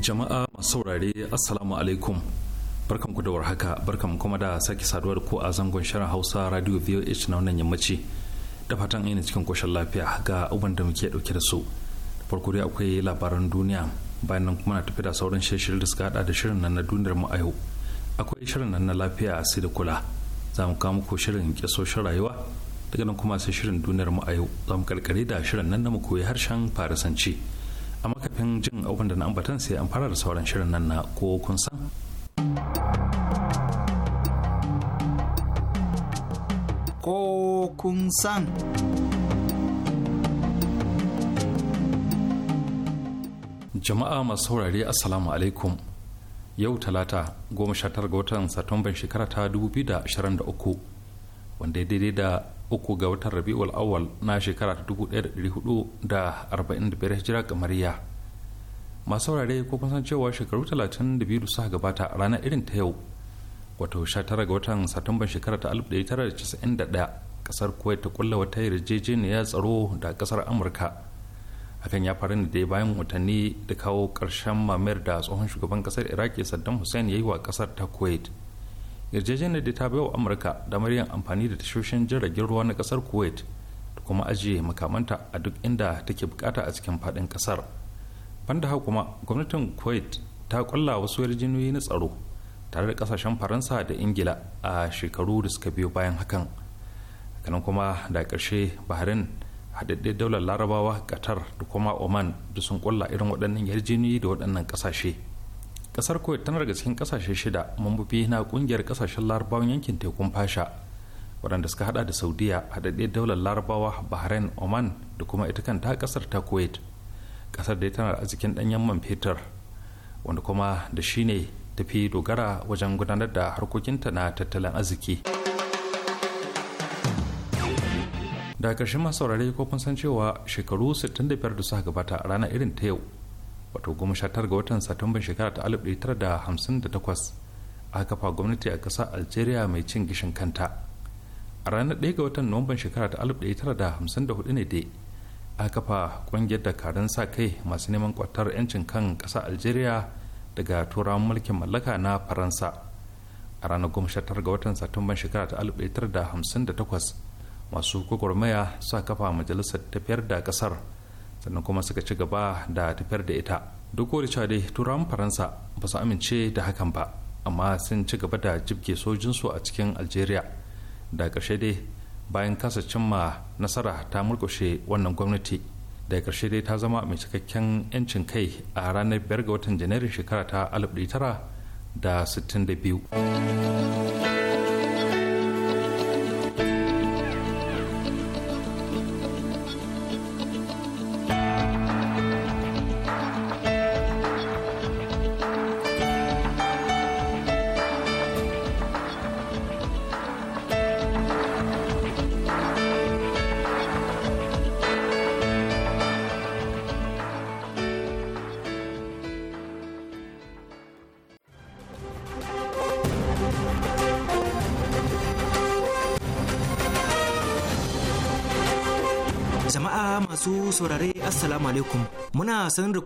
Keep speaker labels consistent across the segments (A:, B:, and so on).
A: jama'a masu saurare assalamu alaikum barkan ku da warhaka barkan kuma da sake saduwa da ku a zangon shirin hausa radio voh na wannan yammaci da fatan ina cikin koshin lafiya ga abin da muke dauke da su farko dai akwai labaran duniya bayan nan kuma na tafi da sauran shirin da suka hada da shirin nan na duniyar mu a yau akwai shirin nan na lafiya sai da kula za mu kawo muku shirin kyasoshin rayuwa daga nan kuma sai shirin duniyar mu a yau za mu karkare da shirin nan na mu koyi harshen farisanci amma kafin jin abin da na ambatan sai an fara da sauran shirin nan na ko kun san ko kun san jama'a masu saurare assalamu alaikum yau talata goma sha tara ga watan satumban shekara ta 2023 wanda ya daidai da uku ga watan rabi'ul awal na shekara ta biyar hijira ga mariya masu saurare ko kun san cewa shekaru talatin da suka gabata a ranar irin ta yau wato tara ga watan satumban shekara ta alif da da ɗaya kasar kuwait ta kulla wata yarjejeniyar tsaro da kasar amurka hakan ya faru ne dai bayan watanni da kawo ƙarshen mamayar da tsohon shugaban kasar iraki saddam hussein ya yi wa kasar ta kuwait yarjejeniyar da ta bai wa amurka damar yin amfani da tashoshin jiragen ruwa na kasar kuwait da kuma ajiye makamanta a duk inda take bukata a cikin fadin kasar banda haka kuma gwamnatin kuwait ta kulla wasu yarjejeniyoyi na tsaro tare da kasashen faransa da ingila a shekaru da suka biyo bayan hakan kanan kuma da karshe bahrain haɗaɗɗen daular larabawa qatar da kuma oman da sun kulla irin waɗannan yarjejeniyoyi da waɗannan kasashe. kasar kuwait tana daga cikin kasashe shida mambobi na kungiyar kasashen larabawan yankin tekun fasha waɗanda suka hada da saudiya haɗaɗɗe daular larabawa bahrain oman da kuma ita kanta kasar ta kuwait kasar da tana a cikin ɗanyen man fetur wanda kuma da shi ne tafi dogara wajen gudanar da harkokinta na tattalin arziki. da ƙarshen masu saurare ko kun san cewa shekaru 65 da suka gabata a ranar irin ta yau wato goma sha tara ga watan satumban shekara ta alif tara da hamsin da takwas a kafa gwamnati a ƙasar algeria mai cin gishin kanta a ranar ɗaya ga watan nuwamban shekara ta alif tara da hamsin da hudu ne dai a kafa ƙungiyar dakarun sa kai masu neman kwatar 'yancin kan ƙasar algeria daga turawan mulkin mallaka na faransa a ranar goma sha tara ga watan satumban shekara ta alif tara da hamsin da takwas masu gwagwarmaya sa kafa majalisar tafiyar da ƙasar sannan kuma suka ci gaba da tafiyar da ita duk da cewa dai turawan faransa ba su amince da hakan ba amma sun ci gaba da jibge sojinsu a cikin algeria da ƙarshe dai bayan kasa cimma nasara ta murkushe wannan gwamnati da karshe dai ta zama mai cikakken 'yancin kai a ranar 5 ga watan janairun shekara ta 1962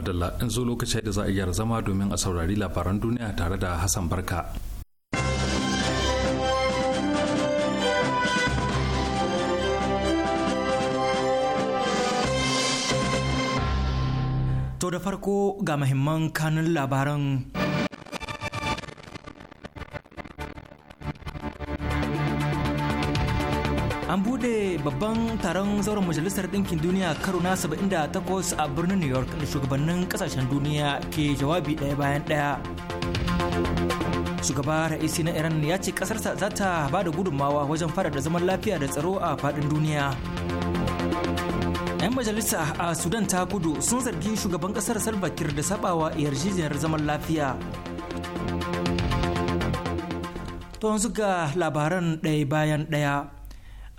A: Madalla in zo lokaci da za a yar zama domin a saurari labaran duniya tare da Hassan Barka.
B: To da farko ga mahimman kanun labaran babban taron zauren majalisar ɗinkin duniya karo na 78 a birnin new york da shugabannin kasashen duniya ke jawabi ɗaya bayan ɗaya shugaba ra'isi na iran ya ce ƙasarsa za ta ba da gudunmawa wajen fara da zaman lafiya da tsaro a faɗin duniya 'yan majalisa a sudan ta kudu sun zargi shugaban ƙasar salva kiir da sabawa yarjejeniyar zaman lafiya to yanzu ga labaran ɗaya bayan ɗaya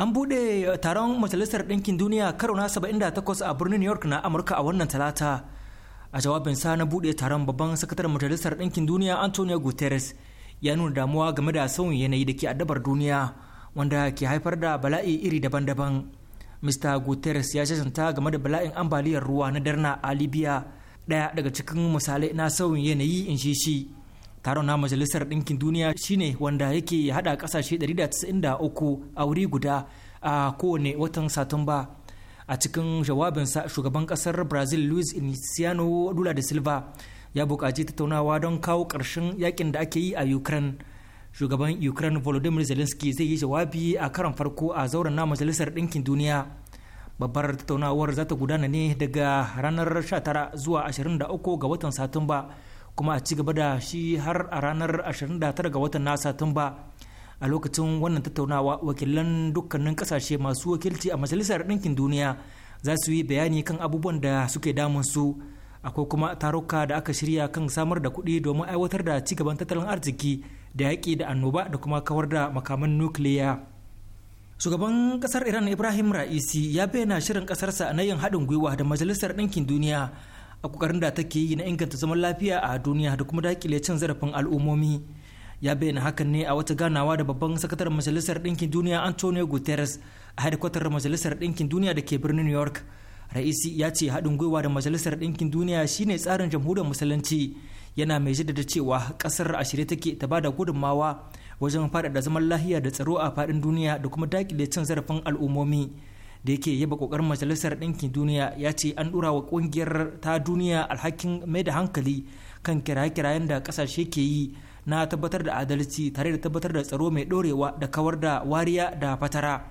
B: An buɗe eh, taron Majalisar Ɗinkin Duniya karo na 78 a birnin New York na Amurka a wannan talata. A jawabin sa na buɗe taron babban sakataren Majalisar Ɗinkin Duniya Antonio Guterres ya nuna damuwa game da sauyin yanayi da ke addabar duniya wanda ke haifar da bala'i iri daban-daban. Mr. Guterres ya jajanta game da bala'in ambaliyar ruwa na Darna a Libya ɗaya daga cikin misalai na sauyin yanayi in shi. taron na majalisar ɗinkin duniya shine wanda yake hada kasashe 193 a wuri guda a kowane watan satumba a cikin jawabinsa shugaban kasar brazil luis iniciano lula da silva ya buƙaci tattaunawa don kawo ƙarshen yakin da ake yi a ukraine shugaban ukraine volodymyr zelensky zai yi jawabi a karan farko a zauren na majalisar ɗinkin duniya babbar tattaunawar za ta gudana ne daga ranar 19 zuwa 23 ga watan satumba kuma a ci gaba da shi har a ranar 29 ga watan tun satumba a lokacin wannan tattaunawa wakilan dukkanin kasashe masu wakilci a majalisar ɗinkin duniya za su yi bayani kan abubuwan da suke damun su akwai kuma taruka da aka shirya kan samar da kuɗi domin aiwatar da ci gaban tattalin arziki da yaƙi da annoba da kuma kawar da makaman nukiliya shugaban kasar iran ibrahim ra'isi ya bayyana shirin kasarsa na yin haɗin gwiwa da majalisar ɗinkin duniya a kokarin da take yi na inganta zaman lafiya a duniya da kuma dakile cin zarafin al'ummomi ya bayyana hakan ne a wata ganawa da babban sakataren majalisar ɗinkin duniya antonio guterres a hadikwatar majalisar ɗinkin duniya da ke birnin new york raisi ya ce haɗin gwiwa da majalisar ɗinkin duniya shine tsarin jamhuriyar musulunci yana mai jaddada cewa ƙasar a shirye take ta bada gudunmawa wajen faɗaɗa zaman lahiya da tsaro a faɗin duniya da kuma dakile cin zarafin al'ummomi da yake yaba kokarin majalisar ɗinkin duniya ya ce an ɗora wa ƙungiyar ta duniya alhakin mai da hankali kan kiraye-kirayen da ƙasashe ke yi na tabbatar da adalci tare da tabbatar da tsaro mai ɗorewa da kawar da wariya da fatara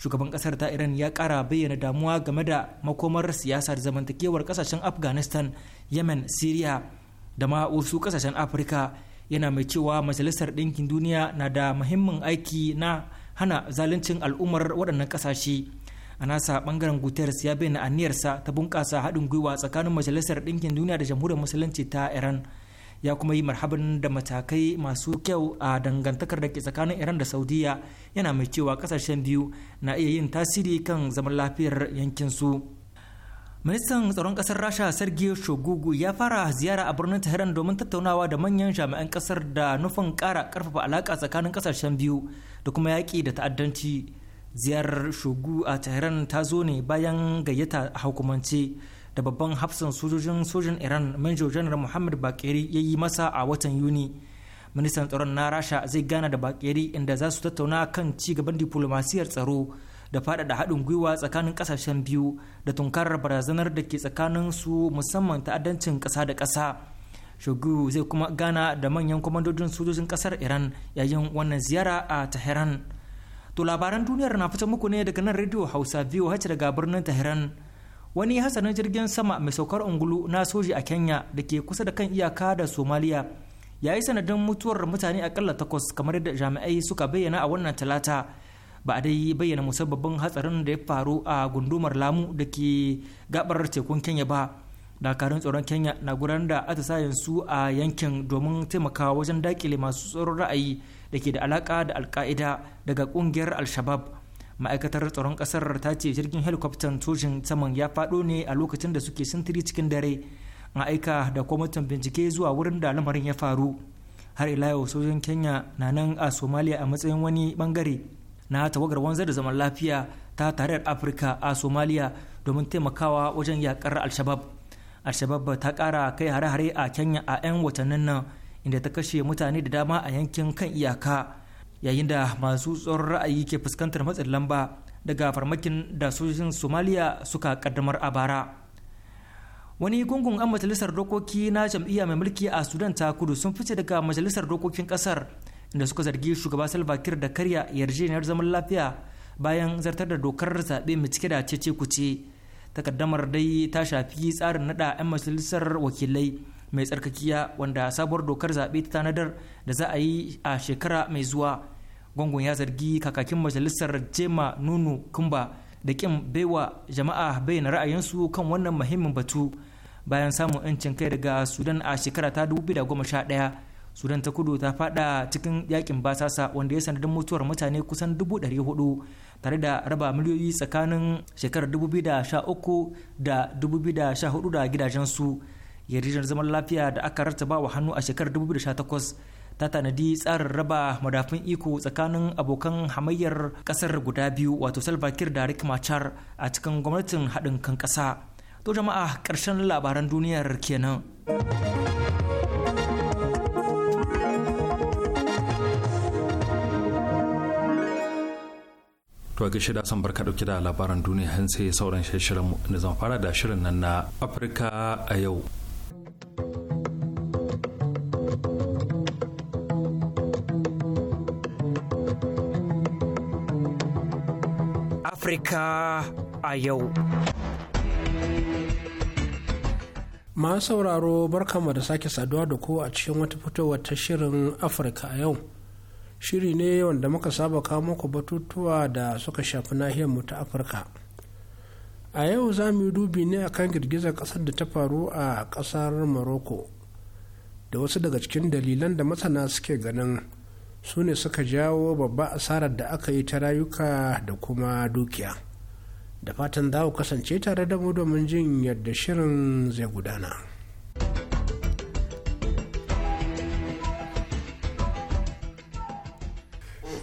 B: shugaban ƙasar ta iran ya ƙara bayyana damuwa game da makomar siyasar zamantakewar ƙasashen afghanistan yemen syria da ma wasu ƙasashen afirka yana mai cewa majalisar ɗinkin duniya na da muhimmin aiki na hana zaluncin al'ummar waɗannan ƙasashe a nasa bangaren guterres ya bayyana aniyarsa ta bunkasa haɗin gwiwa tsakanin majalisar ɗinkin duniya da jamhuriyar musulunci ta iran ya kuma yi marhaban da matakai masu kyau a dangantakar da ke tsakanin iran da saudiya yana mai cewa kasashen biyu na iya yin tasiri kan zaman lafiyar yankinsu ministan tsaron kasar rasha sergio shogugu ya fara ziyara a birnin tehran domin tattaunawa da manyan jami'an kasar da nufin kara karfafa alaka tsakanin kasashen biyu da kuma yaƙi da ta'addanci ziyarar shugu a tehran ta zo ne bayan gayyata a hukumance da babban hafsan sojojin sojin iran major general muhammad bakeri ya yi masa a watan yuni ministan tsaron na rasha zai gana da bakeri inda za su tattauna kan ci gaban diplomasiyar tsaro da faɗaɗa haɗin gwiwa tsakanin ƙasashen biyu da tunkarar barazanar da ke tsakanin su musamman ta'addancin ƙasa da ƙasa shugu zai kuma gana da manyan kwamandojin sojojin ƙasar iran yayin wannan ziyara a tehran To labaran duniyar na fita muku ne daga nan Radio Hausa VOH daga birnin Tehran. Wani hasanin jirgin sama mai saukar ungulu na soji a Kenya da ke kusa da kan iyaka da Somalia ya yi sanadin mutuwar mutane akalla takwas kamar yadda jami'ai suka bayyana a wannan talata. Ba a dai bayyana musabbabin hatsarin da ya faru a gundumar Lamu da ke gabar tekun Kenya ba. dakarun tsoron Kenya na gudanar da atisayen su a yankin domin taimakawa wajen dakile masu tsoron ra'ayi da ke da alaka da alka'ida daga kungiyar alshabab ma'aikatar tsaron kasar ta ce jirgin helikoftan sojin saman ya faɗo ne a lokacin da suke sintiri cikin dare a aika da kwamitin bincike zuwa wurin da lamarin ya faru har ila yau sojin kenya na nan a somalia a matsayin wani bangare na tawagar wanzar da zaman lafiya ta tarayyar afirka a somalia domin taimakawa wajen yakar al alshabab al-shabab ta kara kai hare-hare a kenya a 'yan watannin nan inda ta kashe mutane da dama a yankin kan iyaka yayin da masu tsoron ra'ayi ke fuskantar matsin lamba daga farmakin da sojojin somaliya suka kaddamar a bara wani gungun 'yan majalisar dokoki na jam'iyya mai mulki a sudan ta kudu sun fice daga majalisar dokokin kasar inda suka zargi shugaba salva kiir da karya yarjejeniyar zaman lafiya bayan zartar da dokar zaɓe mai cike da cece kuce takaddamar dai ta shafi tsarin naɗa 'yan majalisar wakilai mai tsarkakiya wanda sabuwar dokar zaɓe ta tanadar da za a yi a shekara mai zuwa gwangon ya zargi kakakin majalisar jema nunu kumba da kin baiwa jama'a bayyana ra'ayinsu kan wannan muhimmin batu bayan samun 'yancin kai daga sudan a shekara ta 2011 sudan ta kudu ta fada cikin yakin basasa wanda ya sanadin mutuwar mutane kusan 400 tare da raba miliyoyi tsakanin shekarar 2013 da 2014 da gidajensu yarjejen zaman lafiya da aka rattaba wa hannu a shekarar 2018 ta tanadi tsarin raba madafin iko tsakanin abokan hamayyar kasar guda biyu wato salva kiir da rick machar a cikin gwamnatin haɗin kan kasa to jama'a ƙarshen labaran duniyar kenan
A: To a gaishe da san barka dauke da labaran duniya hanse sauran shirin mu fara da shirin nan na Afirka a yau.
C: Afirka a yau. Masu sauraro barkanmu da sake saduwa da ku a cikin wata fitowar ta shirin Afirka a yau. Shiri ne wanda muka saba kawo muku batutuwa da suka shafi nahiyar mu ta Afirka. a yau za mu yi dubi ne a kan girgizar kasar da ta faru a kasar morocco da wasu daga cikin dalilan da masana suke ganin su ne suka jawo babba asarar da aka yi ta rayuka da kuma dukiya da fatan za ku kasance tare da mu domin jin yadda shirin zai gudana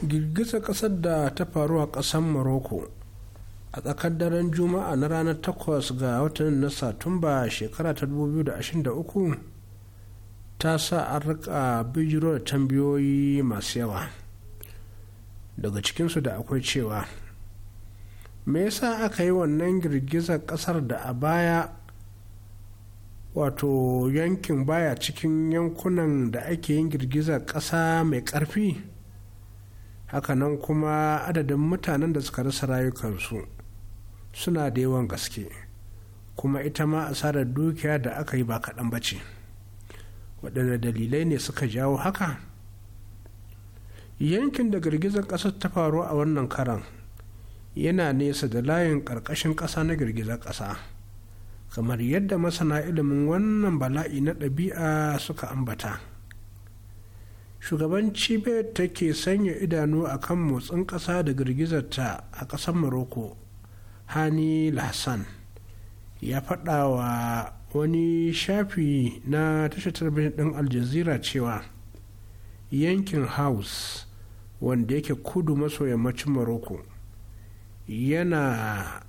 C: girgizar kasar da ta faru a kasar morocco a tsakar daren juma'a na ranar 8 ga watan na satumba shekara ta 2023 ta sa a rika bijiro da tambayoyi masu yawa daga cikinsu da akwai cewa me yasa aka yi wannan girgizar kasar da a baya wato yankin baya cikin yankunan da ake yin girgizar kasa mai karfi hakanan kuma adadin mutanen da suka rasa rayukansu suna da yawan gaske kuma ita ma asarar dukiya da aka yi ba kaɗan ba ce waɗanne dalilai ne suka jawo haka yankin da girgizar ƙasar ta faru a wannan karan yana nesa da layin ƙarƙashin ƙasa na girgizar ƙasa kamar yadda masana ilimin wannan bala'i na ɗabi'a suka ambata shugaban cibiyar take sanya idanu a kan motsin ƙasa da girgizar ta a ƙasar Maroko. hani lahsan ya faɗa wa wani shafi na tashar talabijin ɗin aljazira cewa yankin house wanda yake kudu maso yammacin morocco yana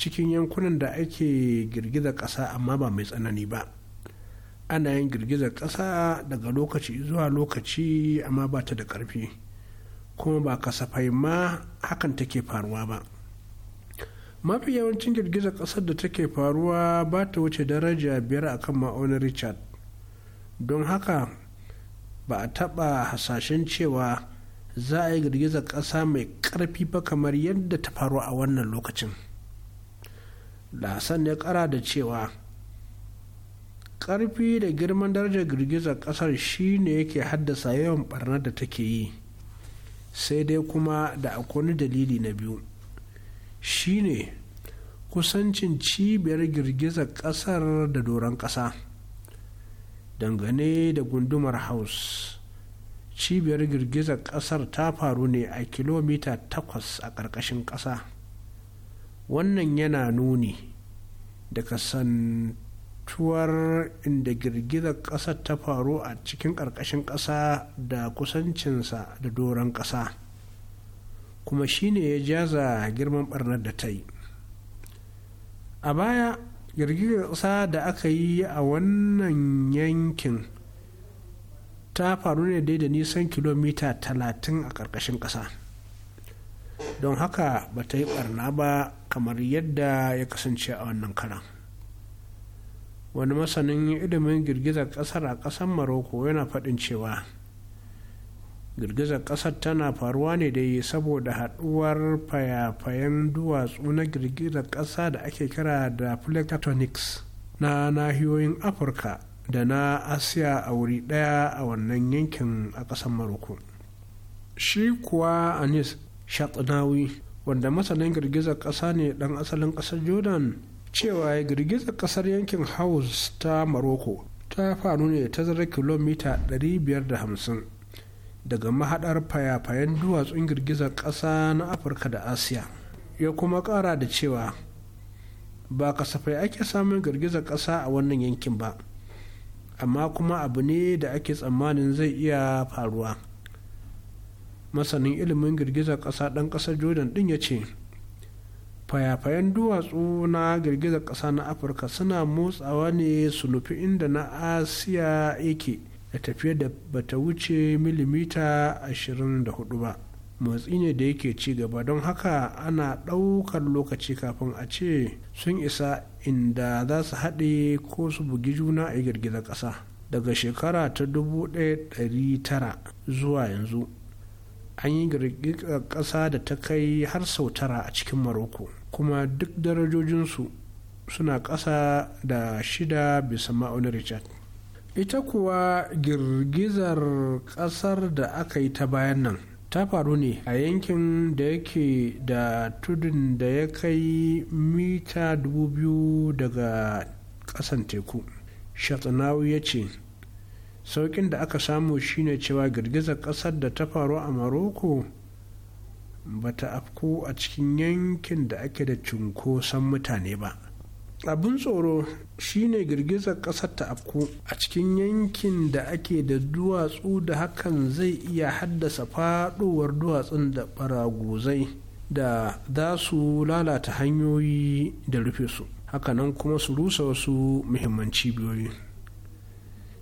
C: cikin yankunan da ake girgizar ƙasa amma ba mai tsanani ba ana yin girgizar ƙasa daga lokaci zuwa lokaci amma ba ta da ƙarfi kuma ba kasafai ma hakan take faruwa ba mafi yawancin girgizar ƙasar da take faruwa ba ta wuce daraja biyar a kan ma'aunin richard don haka ba a taɓa hasashen cewa za a yi girgizar ƙasa mai ƙarfi ba kamar yadda ta faru a wannan lokacin da ya ƙara da cewa ƙarfi da girman darajar girgizar ƙasar shi ne yake haddasa yawan ɓarnar da take yi sai dai kuma da akwai dalili na biyu shine kusancin cibiyar girgizar ƙasar da doron ƙasa, dangane da gundumar house cibiyar girgizar ƙasar ta faru ne a kilomita 8 a ƙarƙashin ƙasa wannan yana nuni da kasantuwar inda girgizar ƙasar ta faru a cikin ƙarƙashin ƙasa da kusancinsa da doron ƙasa kuma shine ya jaza girman barnar da ta yi a baya girgizar ƙasa da aka yi a wannan yankin ta faru ne dai da nisan kilomita talatin a ƙarƙashin ƙasa don haka ba ta yi ɓarna ba kamar yadda ya kasance a wannan karan wani masanin ilimin girgizar ƙasar a ƙasar maroko yana faɗin cewa girgizar ƙasar tana faruwa ne dai saboda haɗuwar fayafayen duwatsu na girgizar ƙasa da ake kira da plectonics na nahiyoyin afirka da na asiya a wuri daya a wannan yankin a ƙasar maroko shi kuwa anis shatnawi wanda masanin girgizar ƙasa ne dan asalin ƙasar jordan cewa girgizar ƙasar yankin house ta maroko ta faru ne zara kilomita 550 daga mahaɗar fayafayen duwatsun girgizar ƙasa na afirka da asiya ya kuma ƙara da cewa ba kasafai ake samun girgizar ƙasa a wannan yankin ba amma kuma abu ne da ake tsammanin zai iya faruwa masanin ilimin girgizar ƙasa ɗan ƙasar jordan ɗin ya ce fayafayen duwatsu na girgizar ƙasa na afirka suna motsawa ne su nufi inda na asiya yake da tafiya da bata wuce milimita 24 ba motsi ne da yake ci gaba don haka ana ɗaukar lokaci kafin a ce sun isa inda za su haɗe ko su bugi juna a girgizar ƙasa daga shekara ta 1900 zuwa yanzu an yi girgizar ƙasa da ta kai har sau tara a cikin maroko kuma duk darajojinsu suna ƙasa da shida bisa ma'aunin richard ita kuwa girgizar kasar da aka yi ta bayan nan ta faru ne a yankin da yake da tudun da ya kai mita 2000 daga kasan teku shatsanawi ya ce saukin da aka samu shine cewa girgizar kasar da ta faru a maroko ba ta afko a cikin yankin da ake da cunkoson mutane ba abin tsoro shine girgizar ƙasar ta afku a cikin yankin da ake da duwatsu da hakan zai iya haddasa faɗowar duwatsun da baraguzai da za su lalata hanyoyi da rufe su hakanan kuma su rusa wasu muhimman cibiyoyi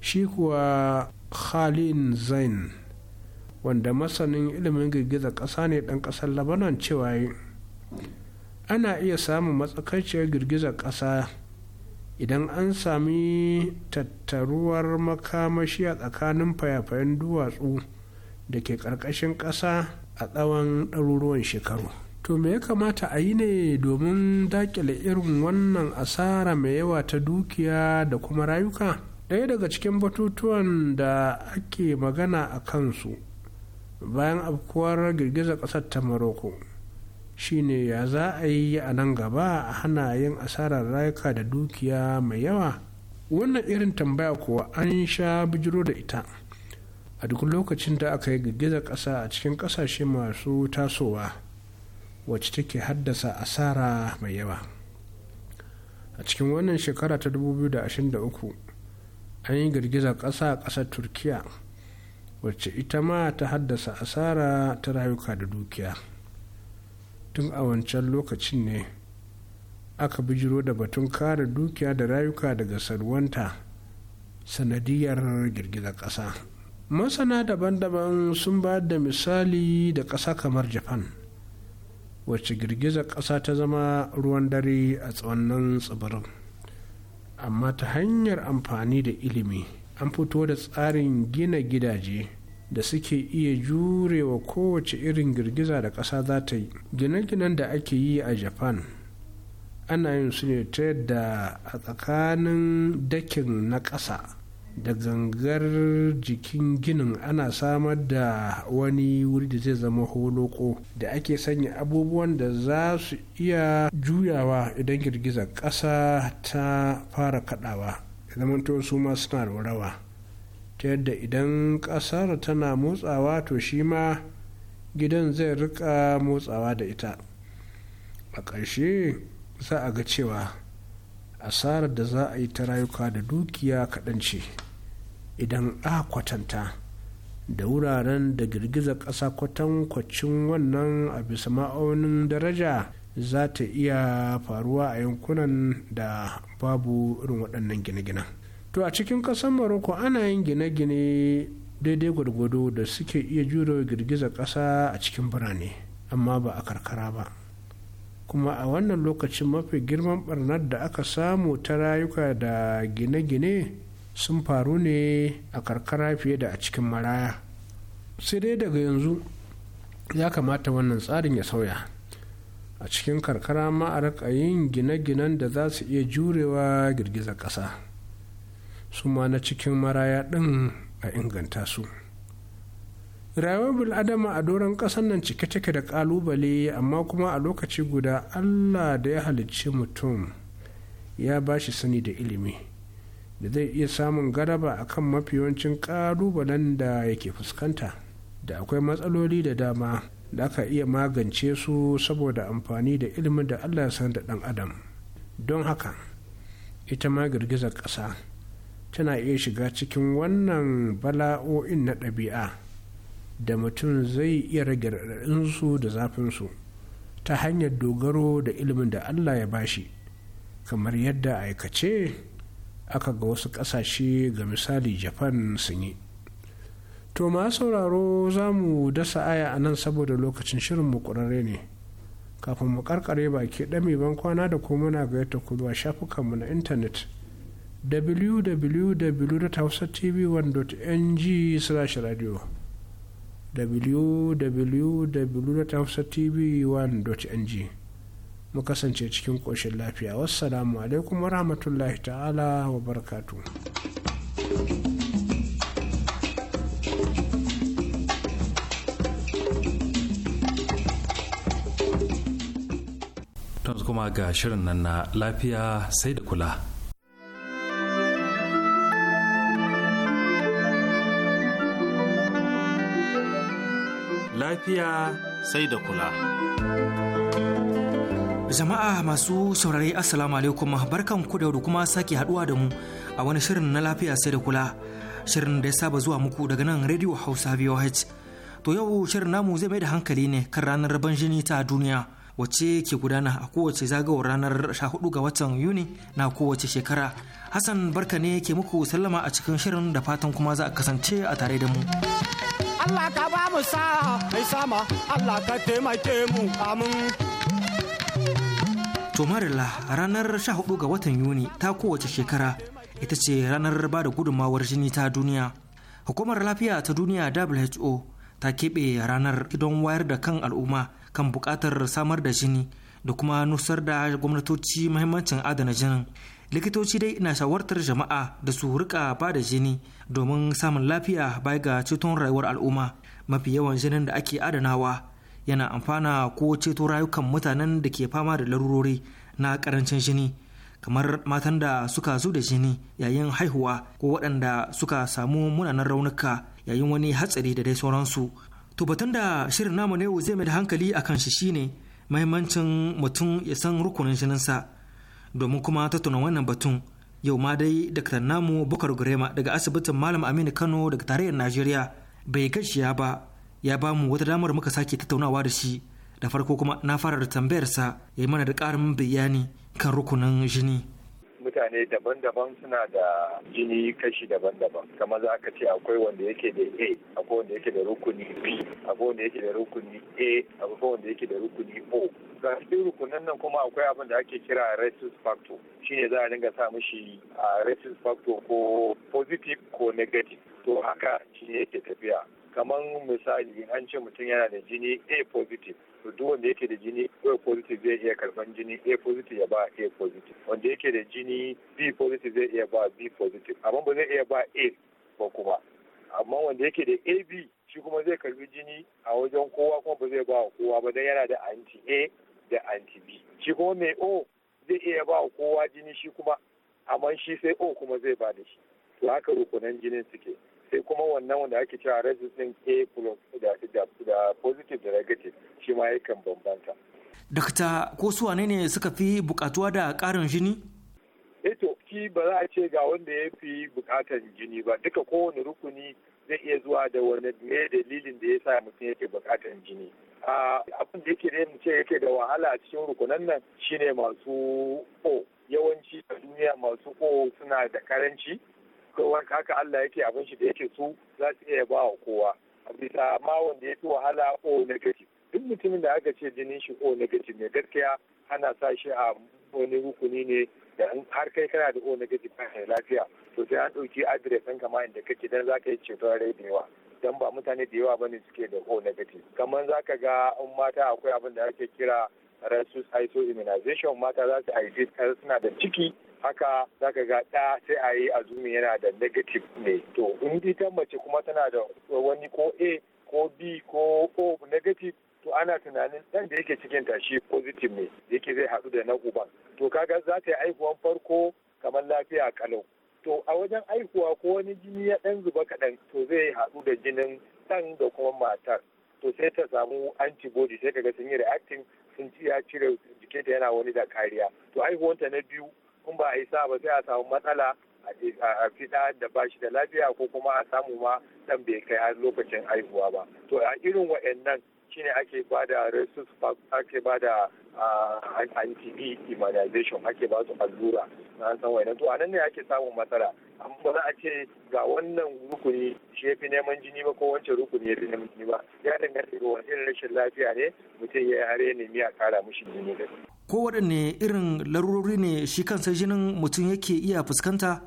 C: shi kuwa khalin zain wanda masanin ilimin girgizar ƙasa ne ɗan ƙasar labanan cewa ana iya samun matsakaiciyar girgizar ƙasa idan an sami tattaruwar makamashi a tsakanin fayafayen duwatsu da ke ƙarƙashin ƙasa a tsawon ɗaruruwan shekaru to me ya kamata a yi ne domin daƙile irin wannan asara mai yawa ta dukiya da kuma rayuka ɗaya daga cikin batutuwan da ake magana a kansu bayan afkuwar girgizar ƙasar ta maroko shine ya za a yi a nan gaba a hana yin asarar rayuka da dukiya mai yawa wannan irin tambaya kuwa an sha bijiro da ita a duk lokacin da aka yi gigiza ƙasa a cikin ƙasashe masu tasowa wacce take haddasa asara mai yawa a cikin wannan shekara ta 2023 an yi girgiza ƙasa a ƙasar turkiya wacce ita ma ta haddasa asara ta rayuka da dukiya tun a wancan lokacin ne aka bijiro da batun kare dukiya da rayuka daga sarwanta sanadiyar girgizar ƙasa masana daban-daban sun ba da misali da ƙasa kamar japan wacce girgizar ƙasa ta zama ruwan dare a tsawannan tsibirin amma ta hanyar amfani da ilimi an fito da tsarin gina gidaje da suke iya jurewa kowace irin girgiza da ƙasa za ta yi gine-ginen da ake yi a japan ana yin su ne ta yadda a tsakanin dakin na ƙasa da gangar jikin ginin ana samar da wani wuri da zai zama holoko da ake sanya abubuwan da za su iya juyawa idan girgizar ƙasa ta fara kaɗawa zamanto su ma suna rawa ta yadda idan ƙasar tana motsawa to shi ma gidan zai rika motsawa da ita a ƙarshe za a ga cewa asarar da za a yi ta rayuka da dukiya kaɗan ce idan a kwatanta da wuraren da girgiza ƙasa kwatankwacin wannan a bisa ma'aunin daraja za ta iya faruwa a yankunan da babu irin waɗannan gine-ginen to a cikin ƙasan morocco ana yin gine-gine daidai gwargwado da suke iya jure girgizar ƙasa a cikin birane amma ba a karkara ba kuma a wannan lokacin mafi girman barnar da aka samu ta rayuka da gine-gine sun faru ne a karkara fiye da a cikin maraya sai dai daga yanzu ya kamata wannan tsarin ya sauya a cikin karkara ma a yin gine-ginen da za su iya jurewa girgizar ƙasa su ma na cikin maraya ɗin a inganta su rayuwar bil'adama a doron ƙasar nan cike take da ƙalubale amma kuma a lokaci guda allah da ya halicci mutum ya ba shi sani da ilimi da zai iya samun garaba a kan mafiyancin ƙalubalen da yake fuskanta da akwai matsaloli da dama da aka iya magance su saboda amfani da ilimin da allah ya san da ɗan adam don haka ita ma girgizar ƙasa tana iya shiga cikin wannan bala'o'in na ɗabi'a da mutum zai iya rage su da zafinsu ta hanyar dogaro da ilimin da allah ya bashi kamar yadda aikace aka ga wasu ƙasashe ga misali japan sun yi to ma sauraro za mu dasa aya a nan saboda lokacin shirin mu ƙwararre ne kafin mu karkare baki ɗami ban kwana da kuma muna ga yadda kuluwa shafukanmu na intanet www.hausatv1.ng/radio www.hausatv1.ng mu kasance cikin ƙoshin lafiya wassalamu alaikum wa rahmatullahi ta'ala wa barakatu.
A: kuma ga shirin nan na lafiya sai da kula lafiya sai da kula. Jama'a
B: masu saurari Assalamu alaikum barkan ku da kuma sake haduwa da mu a wani shirin na lafiya sai da kula. Shirin da ya saba zuwa muku daga nan Radio Hausa VOH. To yau shirin namu zai mai da hankali ne kan ranar rabon jini ta duniya wace ke gudana a kowace zagawar ranar 14 ga watan Yuni na kowace shekara. Hassan barka ne ke muku sallama a cikin shirin da fatan kuma za a kasance a tare da mu.
D: Allah ka ba mu sa
B: mai sama Allah ka taimake mu amin To marilla ranar 14 ga watan Yuni ta kowace shekara ita ce ranar ba da gudunmawar jini ta duniya. Hukumar lafiya ta duniya WHO ta keɓe ranar don wayar da kan al'umma kan buƙatar samar da jini da kuma nusar da gwamnatoci mahimmancin adana jinin likitoci dai na shawartar jama'a da su rika ba da jini domin samun lafiya bai ga ceton rayuwar al'umma mafi yawan jinin da ake adanawa yana amfana ko ceto rayukan mutanen da ke fama da larurori na karancin jini kamar matan da suka zo da jini yayin haihuwa ko waɗanda suka samu munanan raunuka yayin wani hatsari da dai sauransu to da shirin namu na yau zai mai da hankali akan shi shine mahimmancin mutum ya san rukunin jininsa domin kuma tuna wannan batun yau ma dai daktar namu bukar gurema daga asibitin malam aminu kano daga tarayyar najeriya bai gajiya ba ya ba mu wata damar muka sake tattaunawa da shi da farko kuma na fara da tambayarsa ya yi mana da ƙarin bayani kan rukunin jini
E: mutane daban-daban suna da jini kashi daban-daban kamar za ka ce akwai wanda yake da a akwai wanda yake da rukuni b akwai wanda yake da rukuni a akwai wanda yake da rukuni o ga cikin rukunan nan kuma akwai abin da ake kira rhesus factor shine za a dinga sa mishi a rhesus factor ko positive ko negative to haka shine yake tafiya kamar misali an ce mutum yana da jini a positive to duk wanda yake da jini A positive zai iya karban jini A positive ya ba A positive wanda yake da jini B positive zai iya ba B positive amma ba zai iya ba A ba kuma amma wanda yake da AB shi kuma zai karbi jini a wajen kowa kuma ba zai ba kowa ba dan yana da anti A da anti B shi kuma mai O zai iya ba kowa jini shi kuma amma shi sai O kuma zai ba da shi to haka rukunan jinin suke sai kuma wannan wanda ake cewa resistant din a plus da positive da negative shi ma yakan bambanta
B: dakta ko su wane ne suka fi bukatuwa da karin jini
E: eto eh shi ba za a ce ga wanda ya fi bukatan jini ba duka kowane rukuni zai iya zuwa da wani me dalilin da ya sa mutum yake bukatan jini abin da yake da ce yake da wahala a cikin rukunan nan shine masu o yawanci a duniya masu o suna da karanci kowa haka Allah yake abin shi da yake su za su iya ba wa kowa bisa amma wanda ya fi wahala o negative duk mutumin da aka ce jinin shi o negative ne gaskiya ana sa shi a wani rukuni ne da har kai kana da o negative kan lafiya to sai an ɗauki adres ɗin kama inda kake dan za ka yi ceton rai da yawa dan ba mutane da yawa ba ne suke da o negative kamar za ka ga in mata akwai abin da ake kira rasus iso immunization mata za su haifi suna da ciki haka zaka ga ɗa sai a yi azumi yana da negative ne to in ita mace kuma tana da wani ko a ko b ko o negative to ana tunanin ɗan da yake cikin tashi positive ne yake zai haɗu da na uban to kaga za ta yi aihuwan farko kamar lafiya kalau to a wajen aihuwa ko wani jini ya ɗan zuba kaɗan to zai haɗu da jinin ɗan da kuma matar to sai ta samu antibody sai kaga sun yi reacting sun ci ya cire jikinta yana wani da kariya to aihuwanta na biyu in ba a yi sa ba sai a samu matsala a fita da bashi da lafiya ko kuma a samu ma dan bai kai har lokacin haihuwa ba to a irin wa'annan shine ake bada resus ake bada da immunization ake ba su allura na san wa'annan to anan ne ake samun matsala amma ba za a ce ga wannan rukuni shi ya fi neman jini ba ko wancan rukuni ya fi neman jini ba ya danganta ga wani rashin lafiya ne mutum ya yare ne miya a kara mishi jini da
B: ko waɗanne irin larurori ne shi kansa jinin mutum yake iya fuskanta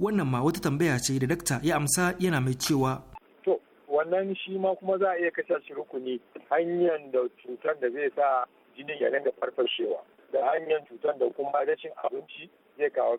B: wannan ma wata tambaya ce da dakta ya amsa yana mai cewa
E: to wannan shi ma kuma za a iya kashe shi rukuni hanyar da cutar da zai sa jinin ya dinga farfashewa da hanyar cutar da kuma rashin abinci zai kawo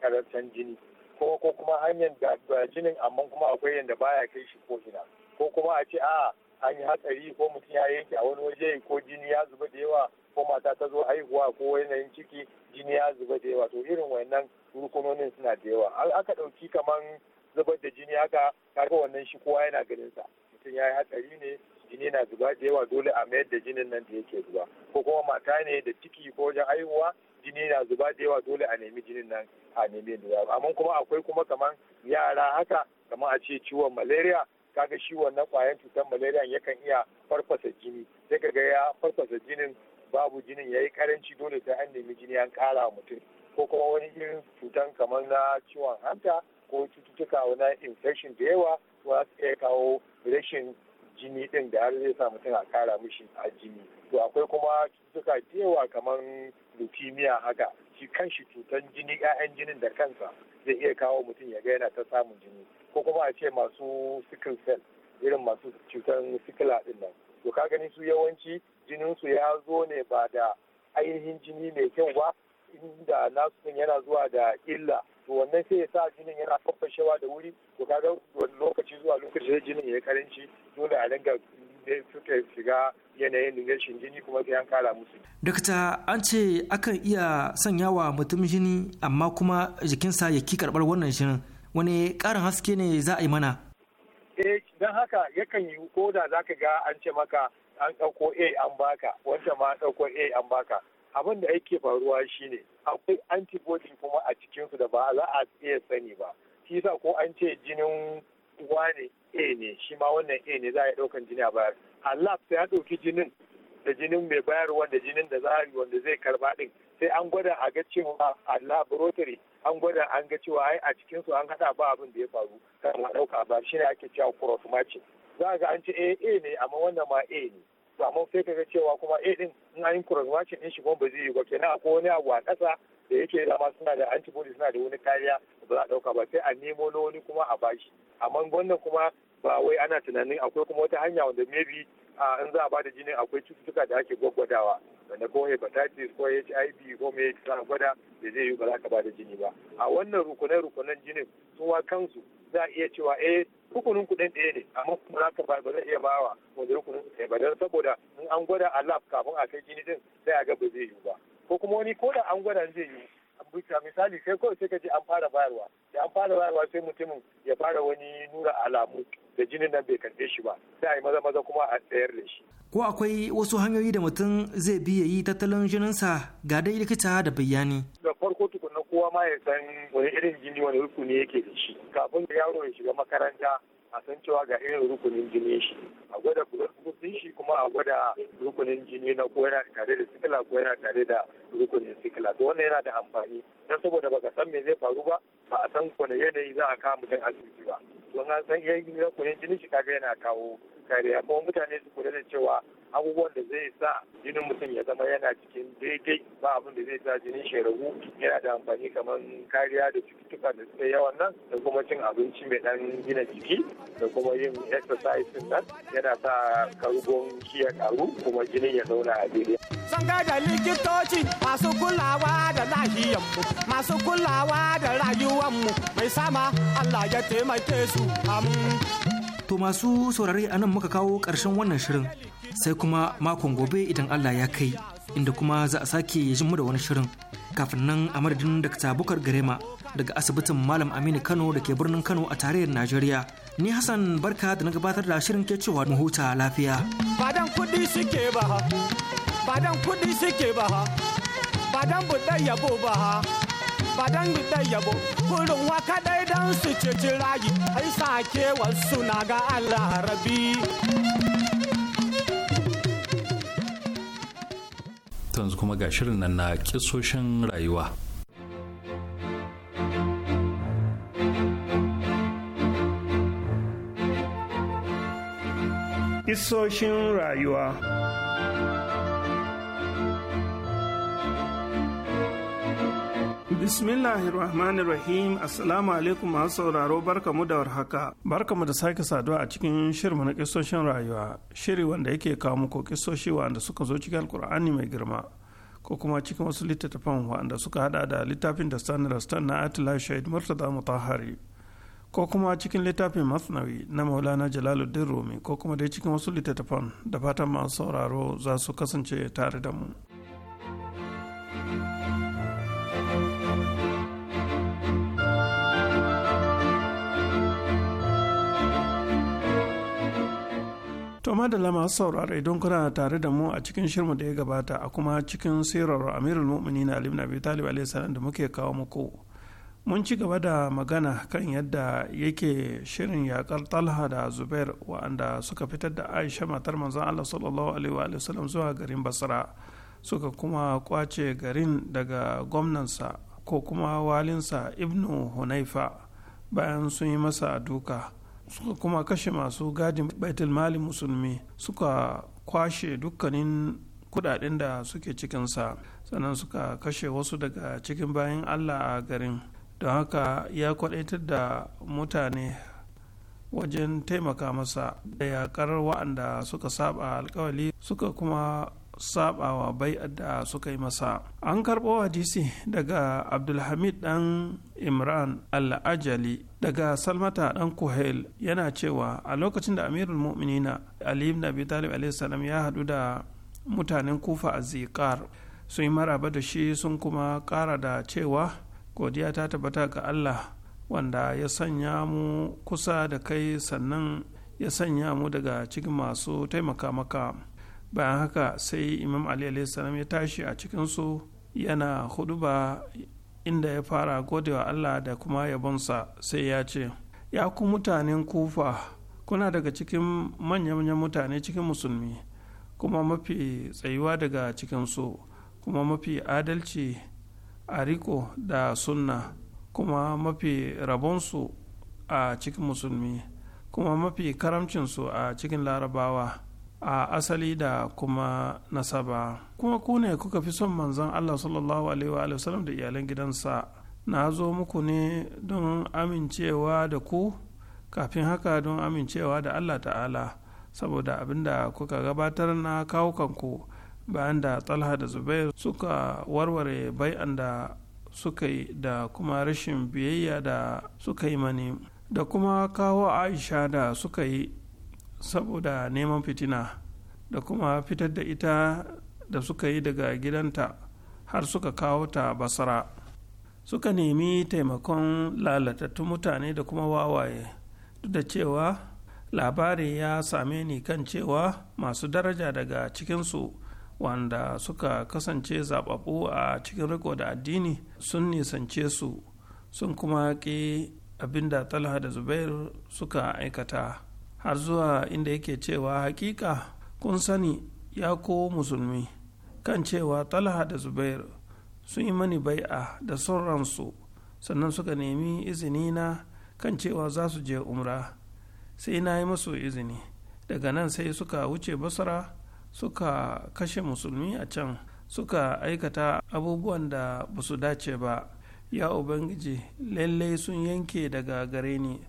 E: karancin jini ko ko kuma hanyar da jinin amma kuma akwai yanda baya kai shi ko ina ko kuma a ce a an yi hatsari ko mutum ya yanke a wani waje ko jini ya zuba da yawa ko mata ta zo haihuwa ko yanayin ciki
F: jini ya zuba
E: da yawa to irin wannan rukunonin suna da yawa aka ɗauki kaman zubar da jini haka kaga wannan shi kowa yana ganin sa mutum ya yi hatsari ne jini na zuba da yawa dole a mayar da jinin nan da yake zuba ko kuma mata ne da ciki ko wajen haihuwa jini na zuba da yawa dole a nemi jinin nan a nemi da amma kuma akwai kuma kaman yara haka kaman a ce ciwon malaria kaga shi wannan kwayan cutar malaria yakan iya farfasa jini sai kaga ya farfasa jinin babu jinin ya yi karanci dole sai an nemi jini an kara mutum ko kuma wani irin cutan kamar na ciwon hanta ko cututtuka wani infection da yawa za su iya kawo rashin jini din da har zai sa mutum a kara mishi a jini to akwai kuma cututtuka da yawa kamar leukemia haka shi kanshi cutan jini 'ya'yan jinin da kansa zai iya kawo mutum ya ga yana ta samun jini ko kuma a ce masu sickle cell irin masu cutan sikila din nan to ka gani su yawanci jininsu ya zo ne ba da ainihin jini mai kyau ba inda nasu sun yana zuwa da illa to wannan sai ya sa jinin yana farfashewa da wuri to kaga wani lokaci zuwa lokaci sai jinin ya karanci dole a dinga suka shiga yanayin rashin jini kuma sai an kara musu.
B: Dakta an ce akan iya sanya wa mutum jini amma kuma jikinsa ya ki karɓar wannan jinin wani karin haske ne za a yi mana.
E: Eh don haka yakan yi ko da za ka ga an ce maka an ɗauko a an baka wanda ma an ɗauko a an baka abin da yake faruwa shine akwai antibody kuma a cikinsu da ba za a iya sani ba shi yasa ko an ce jinin wane a ne shi ma wannan a ne za a ɗaukan jini a bayar lab sai a ɗauki jinin da jinin mai bayar wanda jinin da za a yi wanda zai karba ɗin sai an gwada a ga cewa a laboratory an gwada an ga cewa ai a cikinsu an haɗa ba abin da ya faru kan a ɗauka ba shi ne ake cewa cross matching za ga an ce a ne amma wannan ma a ne to amma sai ka cewa kuma eh din in an yi cross-matching din shi kuma ba zai yi ba kenan akwai wani abu a ƙasa da yake dama suna da antibody suna da wani kariya ba za a ɗauka ba sai a nemo na wani kuma a bashi amma wannan kuma ba wai ana tunanin akwai kuma wata hanya wanda maybe ah, in za a bada jinin akwai cututtuka da ake gwaggwadawa na ko hepatitis ko hiv ko me za gwada da zai yi ba za ka ba da jini ba a wannan rukunai rukunan jinin sun wa kansu za a iya cewa eh rukunin kuɗin ɗaya ne amma kuma za ka ba ba zai iya bawa wanda rukunin ɗaya ba don saboda in an gwada a lab kafin a kai jini din sai a ga ba zai yi ba ko kuma wani ko da an gwada zai yi bisa misali sai kawai sai ka ji an fara bayarwa da an fara bayarwa sai mutumin ya fara wani nura alamu da jinin nan bai karbe shi ba sai a yi maza maza kuma a tsayar da shi.
B: ko akwai wasu hanyoyi da mutum zai bi ya yi tattalin jininsa ga dai likita da bayani.
E: da farko tukunna kowa ma ya san wani irin jini wani rukuni yake da shi kafin yaro ya shiga makaranta a san cewa ga irin rukunin jini shi a gwada rukunin shi kuma a gwada rukunin jini na ko yana tare da sikila ko yana tare da rukunin sikila to wannan yana da amfani don saboda baka san me zai faru ba ba a san kwane yanayi za a kawo mutum asibiti ba don an san irin rukunin jini shi kaga yana kawo kariya kuma mutane su kula da cewa abubuwan da zai sa jinin mutum ya zama yana cikin daidai ba abin da zai sa jinin shi yana da amfani kamar kariya da cututtuka da suke yawan nan da kuma cin abinci mai dan gina jiki da kuma yin exercise nan yana sa karugon shi ya karu kuma jinin ya zauna a daidai.
G: San da likitoci masu kulawa da lahiyanmu masu kulawa da rayuwanmu mai sama Allah ya taimake su amin.
B: To masu saurare anan muka kawo ƙarshen wannan shirin sai kuma makon gobe idan Allah ya kai inda kuma za a sake jin mu da wani shirin kafin nan a madadin Dr. Bukar Garema daga asibitin Malam Aminu Kano da ke birnin Kano a tarayyar Najeriya. Ni Hassan Barka da na gabatar da shirin ke cewa mu huta lafiya. Badan kudi suke ba ha, badan kudi suke ba ha, badan buɗe yabo ba ba dan da yabo Kullum wa dai dan su ci rayu ai sake wasu na ga Allah rabi
A: yanzu kuma ga shirin nan na kisoshin rayuwa
H: Isoshin rayuwa Bismillahirrahmanirrahim Assalamu alaikum masu sauraro barkamu da warhaka. Barkamu da sake saduwa a cikin shirin na kisoshin rayuwa, shiri wanda yake kawo muku kisoshi wanda suka zo cikin Alkur'ani mai girma ko kuma cikin wasu littattafan wanda suka hada da littafin da Stan Rastan na atla Shahid Murtaza Mutahari ko kuma cikin littafin Masnawi na Maulana Jalaluddin Rumi ko kuma dai cikin wasu littattafan da fatan masu sauraro za su kasance tare da mu. To madalla masu saurare don kuna tare da mu a cikin shirmu da ya gabata a kuma cikin sirar Amirul Mu'minin Ali ibn Abi Talib da muke kawo muku. Mun ci gaba da magana kan yadda yake shirin yakar Talha da Zubair wa'anda suka fitar da Aisha matar manzon Allah sallallahu alaihi wa sallam zuwa garin Basra suka kuma kwace garin daga gwamnansa ko kuma walinsa Ibnu Hunaifa bayan sun yi masa duka. suka kuma kashe masu gadin baitul mali musulmi suka kwashe dukkanin kudaden da suke cikinsa sannan suka kashe wasu daga cikin bayan allah a garin don haka ya kwadaitar da mutane wajen taimaka masa da yakar wa'anda suka saba alkawali suka kuma sabawa bai'ar da suka yi masa an karɓo hadisi daga abdulhamid dan imran al-ajali daga salmata dan kuhel yana cewa a lokacin da amirul mu'minina ali ibn abi talib salam ya haɗu da mutanen kufa a zikar sun yi maraba da shi sun kuma ƙara da cewa godiya ta tabbata ga allah wanda ya sanya mu kusa da kai sannan ya sanya mu daga cikin masu taimaka maka bayan haka sai imam ali salam ya tashi a cikinsu yana ba inda ya fara godewa allah da kuma yabonsa sai ya ce ya ku mutanen kufa kuna daga cikin manya-manyan mutane cikin musulmi kuma mafi tsayuwa daga cikinsu kuma mafi adalci a riko da sunna kuma mafi rabonsu a cikin musulmi kuma mafi karamcinsu a cikin larabawa a asali da kuma nasaba kuma ku ne kuka fi son manzon Allah sallallahu alaihi wa sallam da iyalan gidansa na zo muku ne don amincewa da ku kafin haka don amincewa da Allah ta'ala saboda abinda kuka gabatar na kanku bayan da talha da zubair suka warware bai'an da suka yi da kuma rashin biyayya da suka yi mani da kuma kawo aisha da suka yi saboda neman fitina da kuma fitar da ita da suka yi daga gidanta har suka kawo ta basara suka nemi taimakon lalatattun mutane da kuma wawaye duk da cewa labari ya same ni kan cewa masu daraja daga cikinsu wanda suka kasance zababu a cikin riko da addini sun nisance su sun kuma ƙi abinda talha da zubair suka aikata har zuwa inda yake cewa hakika kun sani ya ko musulmi kan cewa talha da zubair sun yi mani bai'a da sauransu sannan suka nemi izini na kan cewa za su je umra sai na yi masu izini daga nan sai suka wuce basara suka kashe musulmi a can suka aikata abubuwan da ba su dace ba ya ubangiji lallai sun yanke daga gare ni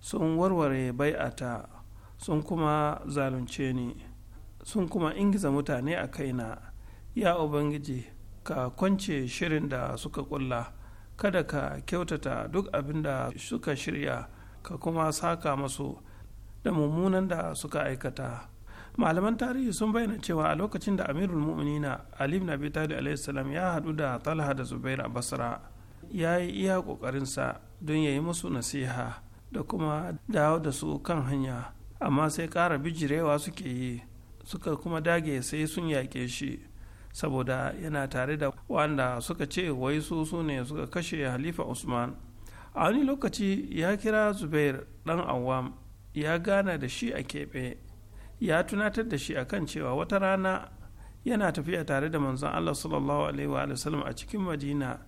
H: sun warware bai'ata sun kuma zalunce ni sun kuma ingiza mutane a kaina ya ubangiji ka kwance shirin da suka kulla kada ka kyautata duk abin da suka shirya ka kuma saka masu da mummunan da suka aikata malaman tarihi sun bayyana cewa a lokacin da amirul mu'minina ali ibn abi talib ya hadu da talha da zubair a basra ya yi iya kokarinsa don ya yi musu nasiha da kuma dawo da su kan hanya amma sai ƙara bijirewa suke yi suka kuma dage sai sun yaƙe shi saboda yana tare da wanda suka ce wai su su ne suka kashe halifa usman a wani lokaci ya kira zubair dan awam ya gana da shi a keɓe ya tunatar da shi akan cewa wata rana yana tafiya tare da manzon allah sallallahu alaihi wa sallam a cikin madina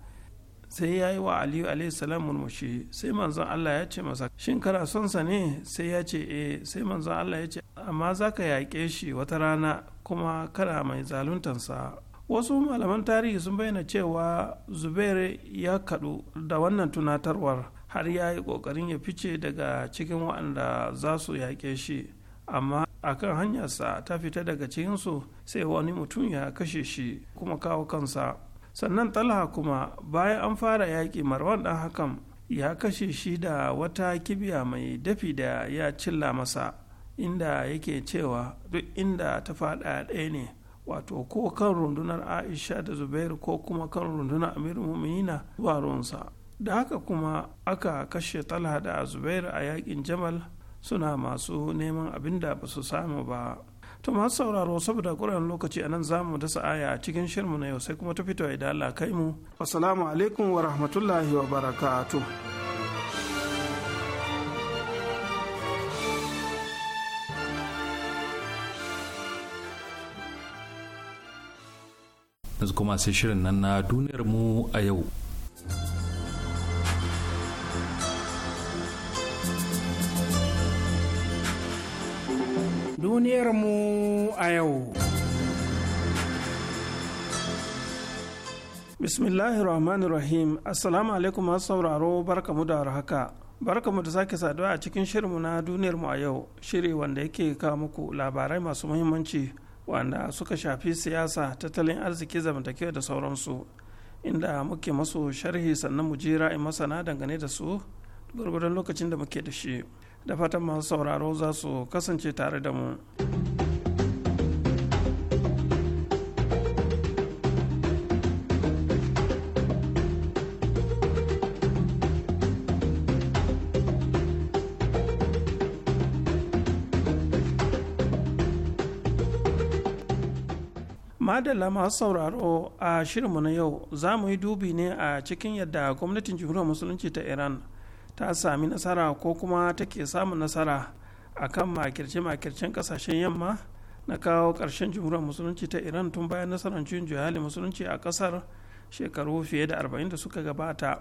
H: sai ya yi wa aliyu alaihissalam murmushi sai manzon allah ya ce masa shin kana son sa ne sai ya ce eh sai manzon allah ya ce amma za ka yaƙe shi wata rana kuma kana mai zaluntansa wasu malaman tarihi sun bayyana cewa zubair ya kaɗu da wannan tunatarwar har ya yi ƙoƙarin ya fice daga cikin waɗanda za su yaƙe shi amma a kan hanyarsa ta fita daga cikinsu sai wani mutum ya kashe shi kuma kawo kansa sannan talha kuma bayan an fara yaƙi marwan ɗan hakan ya kashe shi da wata kibiya mai dafi da ya cilla masa inda yake cewa duk inda ta faɗa ɗaya ne wato ko kan rundunar aisha da zubairu ko kuma kan rundunar amir mumina zuwa ruwansa da haka kuma aka kashe talha da zubairu a yaƙin jamal suna masu neman abin da ba su samu ba to masu sauraro saboda ƙuran lokaci a nan zamu dasa aya a cikin shirmu na yau sai kuma ta fito idan Allah kai mu assalamu alaikum wa rahmatullahi wa barakatu.
A: kuma sai shirin nan na duniyar mu a yau
C: duniyarmu
H: a yau. Bismillahirrahmanirrahim Assalamu alaikum masu sauraro barkamu da haka. Barkamu da sake saduwa a cikin shirinmu na duniyarmu a yau, shiri wanda yake kawo muku labarai masu muhimmanci wanda suka shafi siyasa, tattalin arziki, zamantakewa da sauransu. Inda muke masu sharhi sannan mu jira in masana dangane da su gwargwadon lokacin da muke da shi. da fatan masu sauraro za su kasance tare da mu madalla masu sauraro a shirinmu na yau za mu yi dubi ne a cikin yadda gwamnatin jihuriyar musulunci ta iran ta sami nasara ko kuma take samun nasara a kan makirce-makircen kasashen yamma na kawo ƙarshen jumhuriyar musulunci ta iran tun bayan nasarar juyin juyali musulunci a ƙasar shekaru fiye da 40 da suka gabata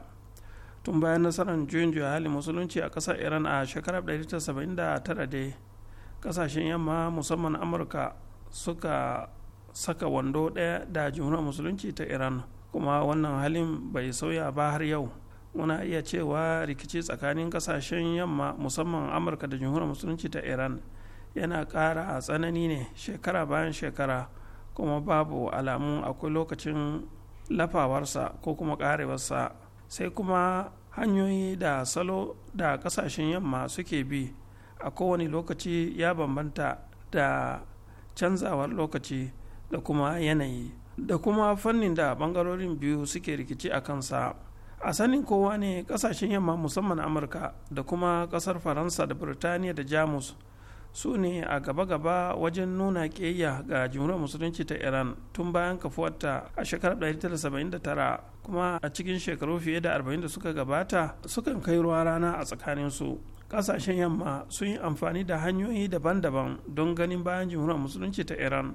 H: tun bayan nasarar juyin juyali musulunci a ƙasar iran a shekarar 1979 dai kasashen yamma musamman amurka suka saka wando ɗaya da jumhuriyar musulunci ta iran kuma wannan halin bai sauya ba har yau muna iya cewa rikici tsakanin kasashen yamma musamman amurka da jamhuriyar musulunci ta iran yana ƙara tsanani ne shekara bayan shekara kuma babu alamu akwai lokacin lafawarsa ko kuma ƙarewarsa sai kuma hanyoyi da salo da kasashen yamma suke bi a kowane lokaci ya bambanta da canzawar lokaci da kuma yanayi da kuma fannin da bangarorin biyu suke rikici a kansa. a sanin kowa ne kasashen yamma musamman amurka da kuma kasar faransa da birtaniya da jamus su ne a gaba-gaba wajen nuna ƙiyayya ga jumhuriyar musulunci ta iran tun bayan kafuwarta a shekarar 1979 kuma a cikin shekaru fiye da 40 da suka gabata sukan kai ruwa rana a tsakaninsu kasashen yamma sun yi amfani da hanyoyi daban-daban don ganin bayan jumhuriyar musulunci ta iran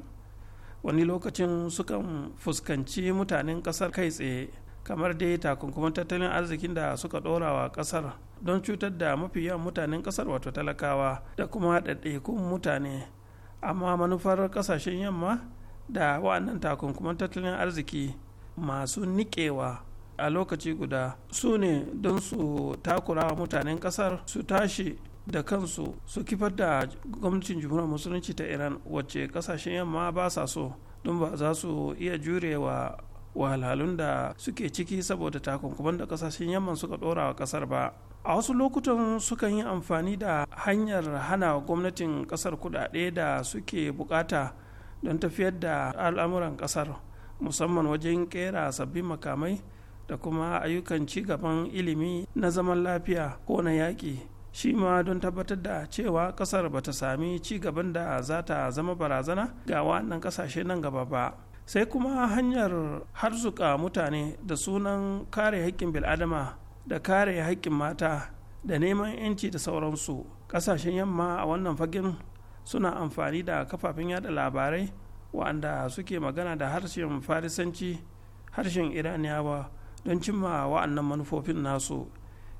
H: wani lokacin sukan fuskanci mutanen ƙasar kai tsaye kamar dai takunkuman tattalin arzikin da suka ɗora wa ƙasar don cutar da mafi yawan mutanen ƙasar wato talakawa da kuma ɗaiɗaikun mutane amma manufar ƙasashen yamma da wa'annan takunkuman tattalin arziki masu niƙewa a lokaci guda su ne don su takura wa mutanen ƙasar su tashi da kansu su kifar da gwamnatin jamhuriyar musulunci ta iran wacce ƙasashen yamma ba sa so don ba za su iya jurewa wahalhalun da suke ciki saboda takunkuman da kasashen yamman suka dora wa kasar ba a wasu lokutan sukan yi amfani da hanyar hana gwamnatin kasar kudade da suke bukata don tafiyar da al'amuran kasar musamman wajen kera sabbin makamai da kuma ayyukan ci gaban ilimi na zaman lafiya ko na yaƙi shi ma don tabbatar da cewa kasar ba ta sami ci gaban da za ta zama barazana ga wannan kasashe nan gaba ba sai kuma hanyar harzuka mutane da sunan kare haƙƙin bil'adama da kare haƙƙin mata da neman 'yanci da sauransu ƙasashen yamma a wannan fagen suna amfani da kafafen yada labarai wa'anda suke magana da harshen farisanci harshen iraniyawa don cimma wa'annan manufofin nasu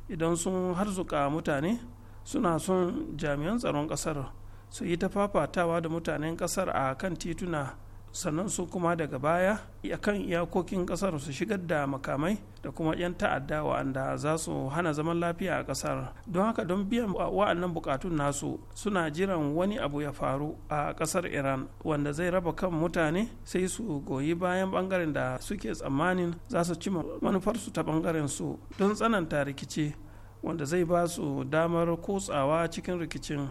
H: idan sun harzuka mutane suna son jami'an tsaron ƙasar su yi ta fafatawa da mutanen ƙasar a kan tituna sannan su kuma daga baya kan iyakokin kasar su shigar da makamai da kuma 'yan ta'adda wa'anda za su hana zaman lafiya a kasar don haka don biyan wa'annan bukatun nasu suna jiran wani abu ya faru a kasar iran wanda zai raba kan mutane sai su goyi bayan bangaren da suke tsammanin za su ci manufarsu ta bangaren su don tsananta rikici wanda zai ba su damar kotsawa cikin rikicin.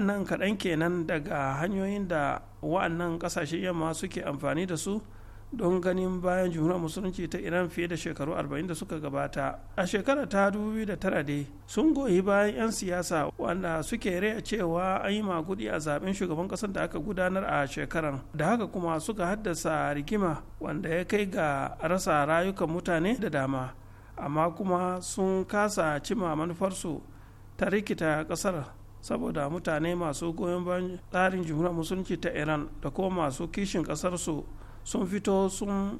H: wa'annan kaɗan kenan daga hanyoyin da wa'annan ƙasashe yamma suke amfani da su don ganin bayan jumhuriyar musulunci ta iran fiye da shekaru 40 da suka gabata a shekara ta 2009 dai sun goyi bayan 'yan siyasa wanda suke a cewa an yi magudi a zaben shugaban kasar da aka gudanar a shekarar da haka kuma suka haddasa rigima wanda ya kai ga rasa rayukan mutane da dama amma kuma sun kasa cima manufarsu ta rikita kasar saboda mutane masu goyon bayan tsarin jumhuriyar musulunci ta iran da kuma masu kishin ƙasarsu sun fito sun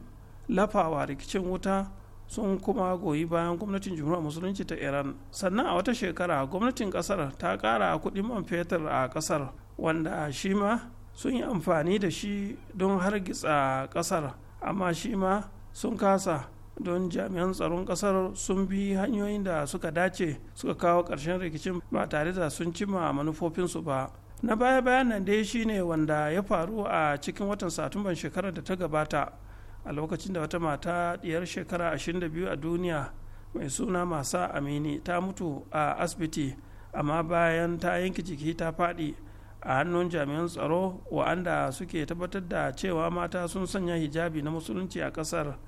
H: lafawa rikicin wuta sun kuma goyi bayan gwamnatin jumhuriyar musulunci ta iran sannan a wata shekara gwamnatin kasar ta kara kudin man fetur a kasar wanda shi ma sun yi amfani da shi don hargitsa kasar amma shi ma sun kasa don jami'an tsaron kasar sun bi hanyoyin da suka dace suka kawo ƙarshen rikicin ba tare da sun cima manufofinsu ba na baya bayan nan dai shine wanda ya faru a cikin watan satumban shekarar da ta gabata a lokacin da wata mata diyar shekara 22 a duniya mai suna masa amini ta mutu a asibiti amma bayan ta yanke jiki ta faɗi a hannun jami'an tsaro wa'anda suke tabbatar da cewa mata sun sanya hijabi na musulunci a ƙasar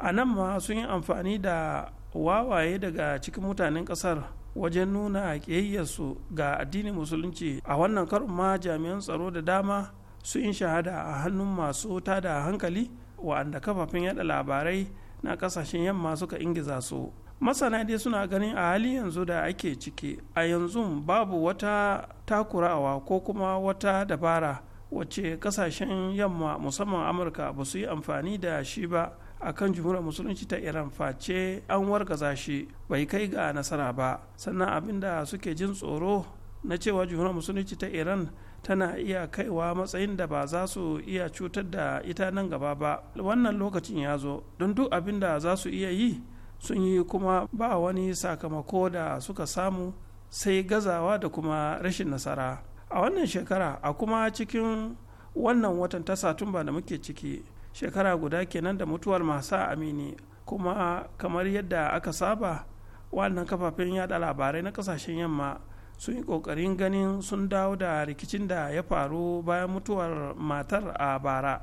H: a nan ma sun yi amfani da wawaye daga cikin mutanen kasar wajen nuna ƙiyayyarsu ga addinin musulunci a wannan karin ma jami'an tsaro da dama su yi shahada a hannun masu tada hankali wa'anda kafafen yada labarai na kasashen yamma suka ingiza su masana dai suna ganin a hali yanzu da ake ciki a yanzu babu wata takurawa ko kuma wata dabara wacce kasashen yamma musamman amurka ba su yi amfani da shi ba a kan jumhuriyar musulunci ta iran face an wargaza shi bai kai ga nasara ba sannan abin da suke jin tsoro na cewa jumhuriyar musulunci ta iran tana iya kaiwa matsayin da ba za su iya cutar da ita nan gaba ba wannan lokacin ya zo don duk abin da za su iya yi sun yi kuma ba wani sakamako da suka samu sai gazawa da kuma rashin nasara a wannan shekara a kuma cikin wannan watan ta satumba da muke ciki shekara guda kenan da mutuwar masa amini kuma kamar yadda aka saba wannan kafafen yada labarai na kasashen yamma sun yi kokarin ganin sun dawo da rikicin da ya faru bayan mutuwar matar a bara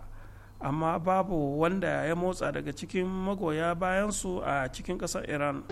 H: amma babu wanda ya motsa daga cikin magoya bayansu a cikin ƙasar iran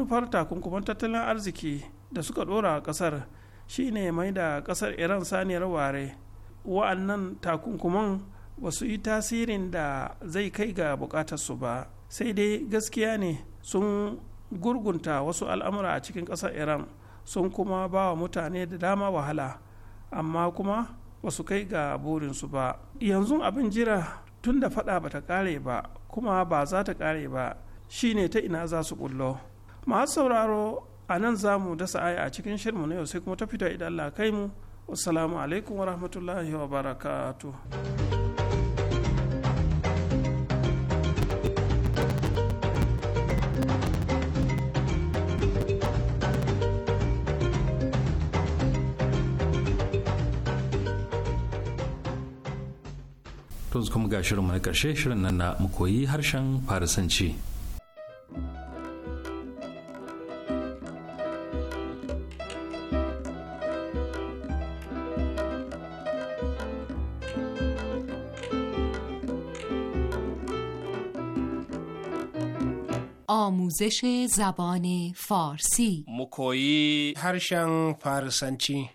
H: manufar takunkuman tattalin arziki da suka dora a kasar shine mai da kasar iran saniyar ware wa'annan takunkuman ba su yi tasirin da zai kai ga bukatarsu ba sai dai gaskiya ne sun gurgunta wasu al'amura a cikin kasar iran sun kuma ba wa mutane da dama wahala amma kuma ba su kai ga burinsu ba yanzu abin jira tun da fada ba ta kare ba kuma ba za ta kare ba shine ta ina za su bullo masu sauraro a nan za mu dasa aya a cikin shirmu na yau sai kuma ta fita idan Allah kai mu wassalamu alaikum wa rahmatullahi wa barakatuh
A: to kuma ga shirinmu na ƙarshe shirin nan na mukoyi harshen farisanci
D: آموزش زبان فارسی
C: مکویی هرشن فارسنچی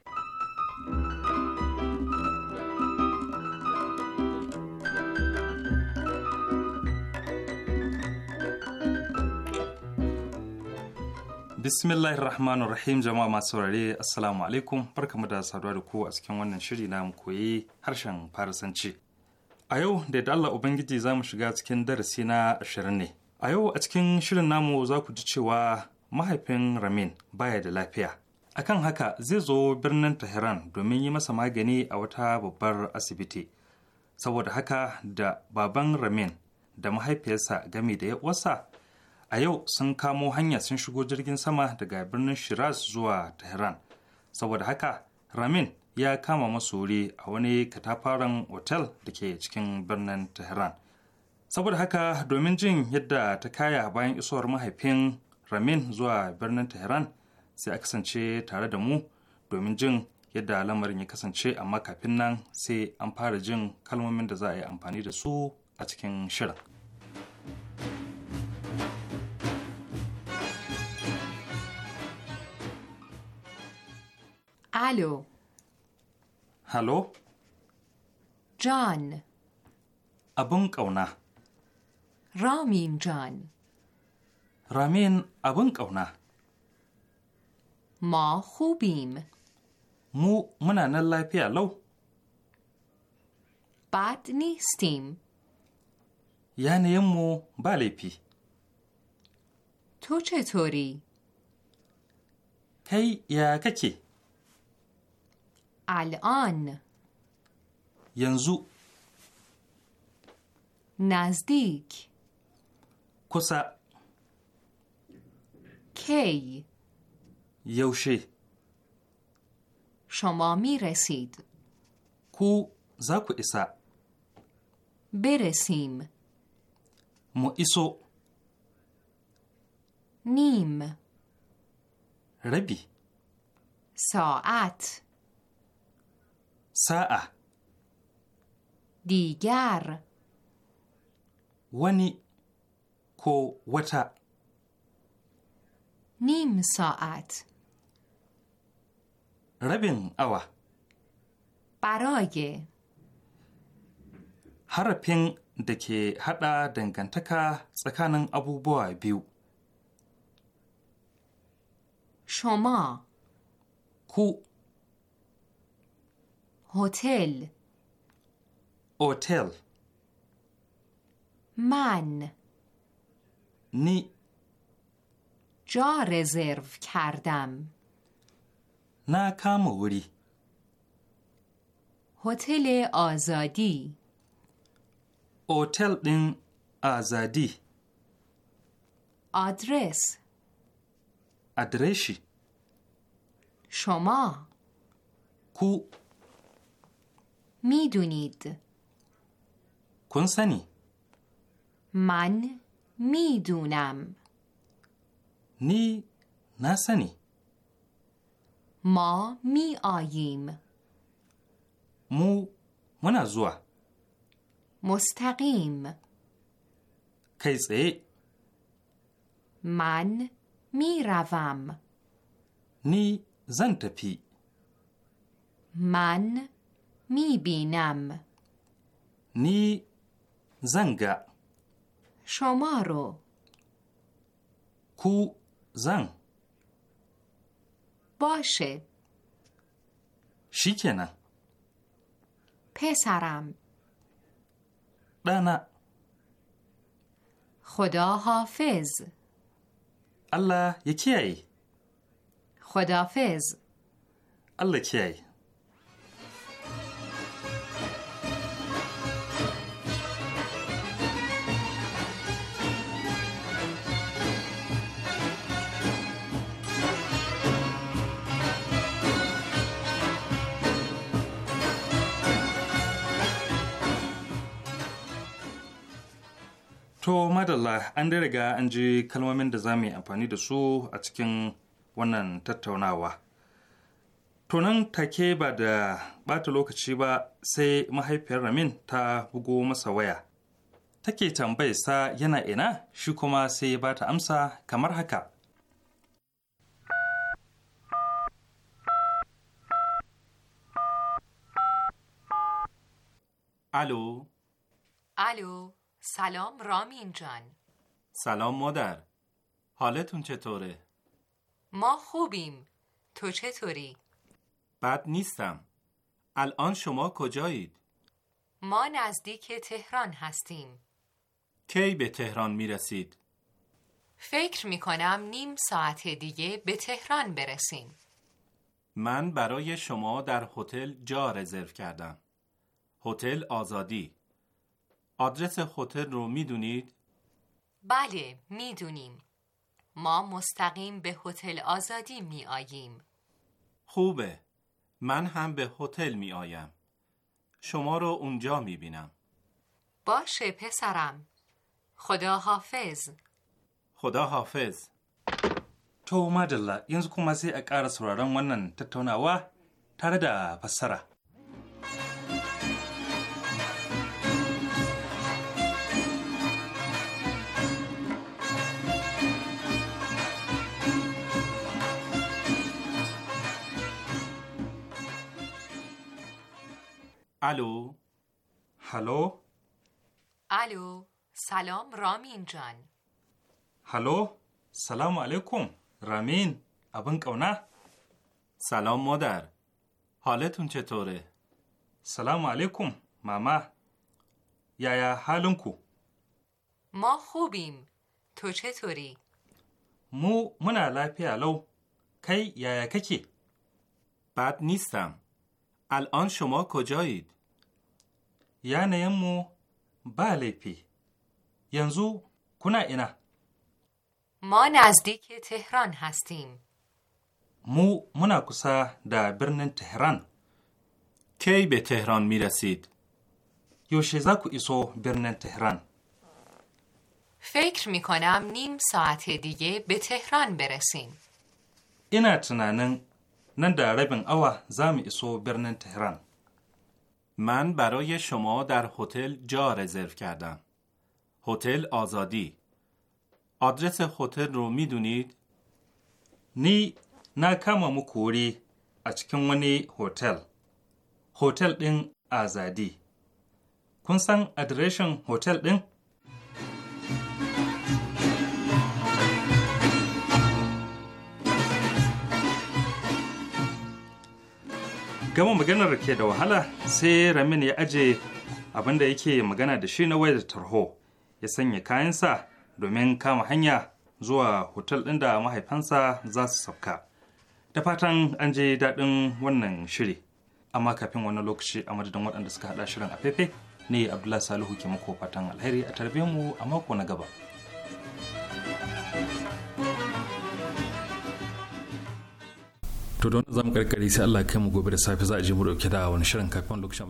A: bismillahir rahmanir rahim jama'a masu saurare assalamu alaikum barkamu da saduwa da ku a cikin wannan shiri na mu koyi harshen farisanci a yau da Allah ubangiji za mu shiga cikin darasi na ashirin ne A yau a cikin shirin namu za ku ji cewa mahaifin Ramin baya da lafiya. Akan haka zai zo birnin Tehran domin yi masa magani a wata babbar asibiti. Saboda haka da baban Ramin da mahaifiyarsa game da uwarsa a yau sun kamo hanya sun shigo jirgin sama daga birnin Shiraz zuwa Tehran. Saboda haka Ramin ya kama masu wuri a wani katafaren otel da ke cikin birnin Tehran. saboda haka domin jin yadda ta kaya bayan isowar mahaifin ramin zuwa birnin tehran sai a kasance tare da mu domin jin yadda lamarin ya kasance amma kafin nan sai an fara jin kalmomin da za a yi amfani da su a cikin shirin الو hallo.
D: John.
A: abun kauna.
D: رامین جان
A: رامین ابن قونا
D: ما خوبیم
A: مو منا نلا پیالو
D: بد نیستیم
A: یعنی مو بله پی
D: تو چطوری؟ کی
A: یا ککی
D: الان ینزو نزدیک کسا کی یوشی شما می رسید کو زاکو ایسا برسیم مو ایسو نیم ربی ساعت ساعه دیگر
A: ونی Ko wata.
D: Nim sa'at
A: rabin awa
D: baroge
A: harafin da ke haɗa dangantaka tsakanin abubuwa biyu.
D: Shoma Ku Hotel Hotel Man نی جا رزرو کردم
A: نه کاموری
D: هتل آزادی
A: هتل دین آزادی
D: آدرس آدرشی شما کو میدونید کنسنی من میدونم
A: نی نسنی
D: ما می آییم
A: مو منازوا.
D: مستقیم
A: کیسه
D: من می روم
A: نی زنتپی پی
D: من می بینم
A: نی زنگا
D: شما رو کو زن باشه
A: شیکنه
D: پسرم بنا خدا حافظ
A: الله یکی ای
D: خدا حافظ
A: الله کی To madalla an dai riga an ji kalmomin da za mu yi amfani da su a cikin wannan tattaunawa. Tunan take ba da ɓata lokaci ba sai mahaifiyar Ramin ta bugo masa waya. Take sa yana ina shi kuma sai ya bata amsa kamar haka.
G: Alo.
D: Alo. سلام رامین جان
G: سلام مادر حالتون چطوره؟
D: ما خوبیم تو چطوری؟
G: بد نیستم الان شما کجایید؟
D: ما نزدیک تهران هستیم
G: کی به تهران می رسید؟
D: فکر می کنم نیم ساعت دیگه به تهران برسیم
G: من برای شما در هتل جا رزرو کردم هتل آزادی آدرس هتل رو میدونید؟
D: بله میدونیم ما مستقیم به هتل آزادی می آییم
G: خوبه من هم به هتل می آیم شما رو اونجا می بینم
D: باشه پسرم خدا حافظ
G: خدا حافظ تو madalla yanzu کو sai a ƙara
A: ونن wannan tattaunawa tare
G: الو هلو
D: الو سلام رامین جان
A: هلو سلام علیکم رامین ابن کونه
G: سلام مادر حالتون چطوره سلام علیکم ماما یا حالون کو
D: ما خوبیم تو چطوری
G: مو من علی لو کی یا کی؟ بد نیستم الان شما کجایید yanayinmu ba laifi. Yanzu kuna ina?
D: Ma nazdike Tehran hastin.
A: Mu muna kusa da birnin Tehran. Kai be Tehran mirasid. Yaushe za ku iso birnin Tehran?
D: Fekir mikonam nim sa'ate dige be Tehran beresin.
A: Ina tunanin
G: nan da rabin awa za mu iso birnin Tehran. من برای شما در هتل جا رزرو کردم. هتل آزادی. آدرس هتل رو میدونید؟ نی ناکاما
A: مکوری اچکنونی ونی هتل. هتل دین آزادی. کنسان ادرشن هتل دین؟ gama maganar ke da wahala sai ramin ya aje abin da yake magana da shi na wayar tarho ya sanya kayansa domin kama hanya zuwa hotel ɗin da mahaifansa za su sauka da fatan an je daɗin wannan shiri amma kafin wani lokaci a madadin waɗanda suka haɗa shirin a ne abdullahi salihu ke mako fatan alheri a tarbe mu a mako na gaba. to don zamu karkare sai Allah kai mu gobe da safe za a je mu dauke da wani shirin kafin lokacin